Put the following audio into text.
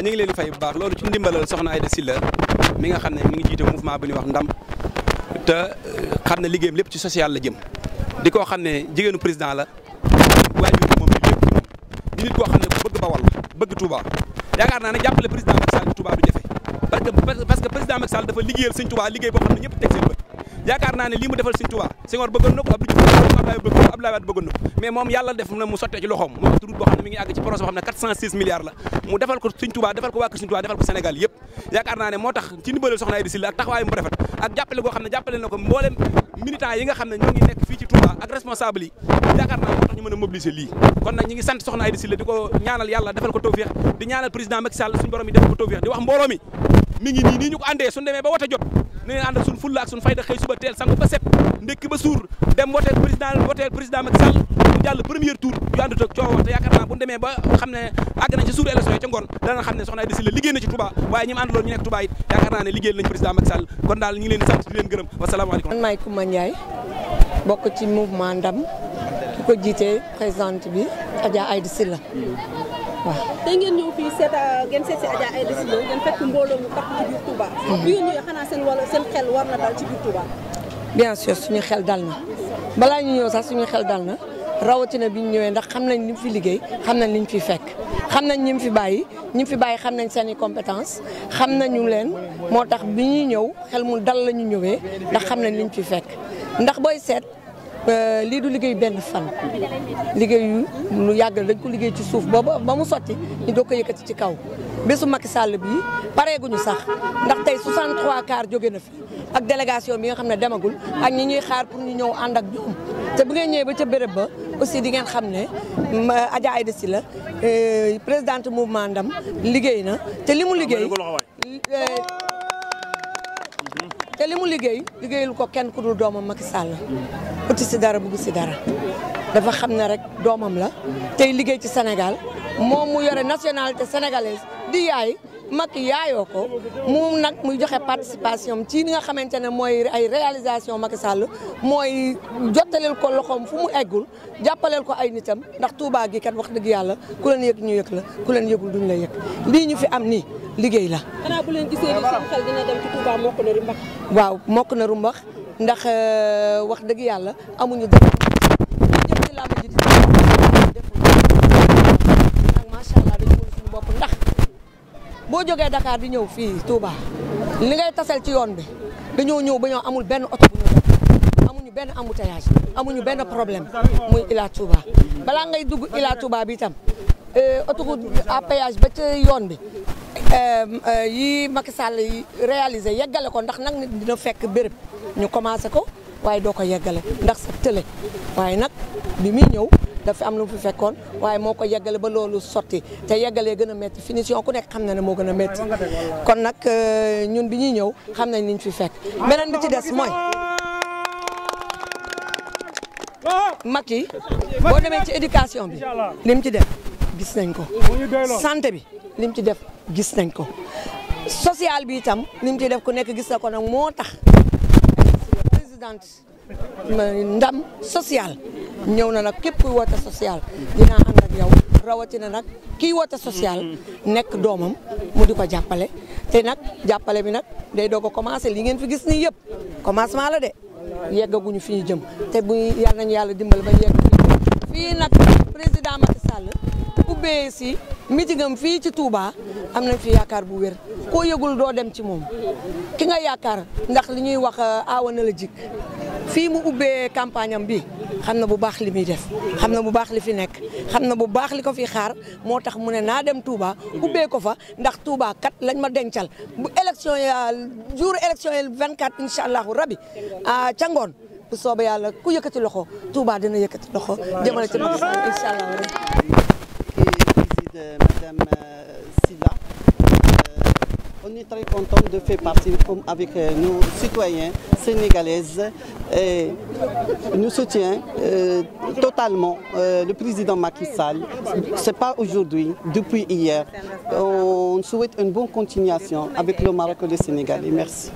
waaw ñu ngi leen di fay bu baax loolu ci ndimbalal soxna Aïda Sylla mi nga xam ne mu ngi jiite mouvement bu ñuy wax ndam te euh, xam ne liggéeyam lépp ci social la jëm di koo xam ne jigéenu président la waaye bi moom bi lépp di nit koo xam ne ku bëgg Bawol bëgg Touba yaakaar naa ne jàppale président Macky Sall Touba du jafe parce que président Macky Sall dafa liggéeyal sëñ Touba liggéey boo xam ne ñëpp teg seen bët yaakaar naa ne lii mu defal Sëñ Tuubaa Senghor bëggoon na ko Abdou Diouf bëggoon na ngi àgg la mu defal ko Sëñ Tuubaa defal ko waa Sëñ Tuubaa defal ko Sénégal yëpp yaakaar naa moo tax na ñu mën a mobiliser lii kon nag ñi ngi sant soxna Aïda Sylla di ko ñaanal yàlla defal ko tawfeex di ñaanal président Macky Sall suñu borom defal ko tawfeex di wax mbooloo mi nii nii ñu ko àndee ba wote jot nañu ànd ak suñ fulla ak suñ fayda xëy suba teel sangu ba set ndekki ba suur dem woteel président woteel président Macky Sall mu tour yu àndut ak coowoo te yaakaar naa bu ba xam ne àgg nañ ci suur élection yi ca ngoon danañ xam ne liggéey na ci Touba waaye ñi mu àndaloon ñu nekk Touba it yaakaar naa ne liggéey nañ président Macky Sall kon daal ñu ngi leen di sant di leen gërëm wasalaamaaleykum man maay Kouma Ndiaye bokk ci mouvement ndam ki waaw tey ngeen ñëw fii seet euh, ngeen seet si Adja Aïda Sylla ngeen fekk mbooloo mu tax ci biir Touba. Hmm. bi ngeen seen xel war dal na balaa ñu ñëw sax suñu xel dal na rawatina bi ñu ñëwee ndax xam nañ li mu fi liggéey xam nañ li ñu fi fekk xam nañ ñi fi bàyyi ñi fi bàyyi xam nañ seen i compétence xam nañu leen moo tax bi ñuy ñëw xel mu dal la ñu ñëwee ndax xam nañ li ñu fi fekk ndax booy seet. Euh, lii du liggéey benn fan liggéeyu lu yàgg la dañ ko liggéey ci suuf boobu ba mu sotti ñu doo ko yëkkati ci kaw bésu Macky sàll bii pareeguñu sax ndax tey 63 car jóge na fi ak délégation bi nga xam ne demagul ak ñi ñuy xaar pour ñu ñëw ànd ak ñoom te bu ngeen ñëwee ba ca béréb ba aussi di ngeen xam ne Adja si la euh, présidente mouvement Ndam liggéey na te li mu liggéey te li mu liggéey liggéeyul ko kenn ku dul doomam Macky Sall uti si dara bugg si dara dafa xam ne rek doomam la tey liggéey ci Sénégal moom mu yore nationalité sénégalaise di yaay Macky yaayoo ko mu nag muy joxe participation ci li nga xamante ne mooy ay réalisation Macky sàll mooy jottaleel ko loxoom fu mu eggul jàppaleel ko ay nitam ndax Touba gi kat wax dëgg yàlla ku leen yëg ñu yëg la ku leen yëgul duñ la yëg lii ñu fi am nii liggéey la. xanaa bu leen gisee nii seen xel dina dem ci Touba mokk na rumbax. waaw mokk na rumbax ndax euh, wax dëgg yàlla amuñu dara. boo jogee Dakar di ñëw fii Touba li ngay tasel ci yoon bi dañoo ñëw ba ñoo amul benn oto bu ñu amuñu benn embouteillage amuñu benn problème muy Ila Touba bala ngay dugg Ila Touba bi itam euh, autoroute à péage ba ca yoon bi euh, euh, yi Macky Sall yi réalisé yeggale ko ndax nag nit dina fekk béréb ñu commencé ko waaye doo ko yeggale ndax sa tële waaye nag bi muy ñëw dafa am lu mu fi fekkoon waaye moo ko yeggale ba loolu sotti te yeggalee gën a métti finition ku nekk xam na ne moo gën a métti kon nag euh, ñun bi ñuy ñëw xam nañ niñ fi fekk meneen bi ci des mooy Macky boo demee ci éducation bi lim ci def gis nañ ko santé bi lim ci def gis nañ ko social bi itam li mu ci def ku nekk gis na ko nag moo tax présidente ndam social ñëw na nag képp kuy woote social dinaa ànd ak yow rawatina nag kii woote social nekk doomam mu di ko jàppale te nag jàppale bi nag day doog a commencé li ngeen fi gis nii yëpp commencement la de yeggaguñu fi ñu jëm te bu yal nañu yàlla dimbali ba yegg fii nag président Macky Sall ubbee si mitigam fii ci Touba am nañ fi yaakaar bu wér koo yëgul doo dem ci moom ki nga yaakaar ndax li ñuy wax aawa na la jik fii mu ubbee campagne bi xam na bu baax li muy def xam na bu baax li fi nekk xam na bu baax li ko fi xaar moo tax mu ne naa dem Touba ubbee ko fa ndax Touba kat lañ ma dencal bu élection ya jour élection yi 24 incha allahu rabi ah ca ngoon bu soobee yàlla ku yëkkati loxo Touba dina yëkkati loxo jëmale ci Macky Sall incha allahu rabi. Madame euh, Sylla. On est très content de faire partie comme avec euh, sénégalaise et nous soutient euh, totalement euh, le président Macky Sall. C'est pas aujourd'hui, depuis hier. On souhaite une bonne continuation avec le Maroc et le Sénégal. Et merci.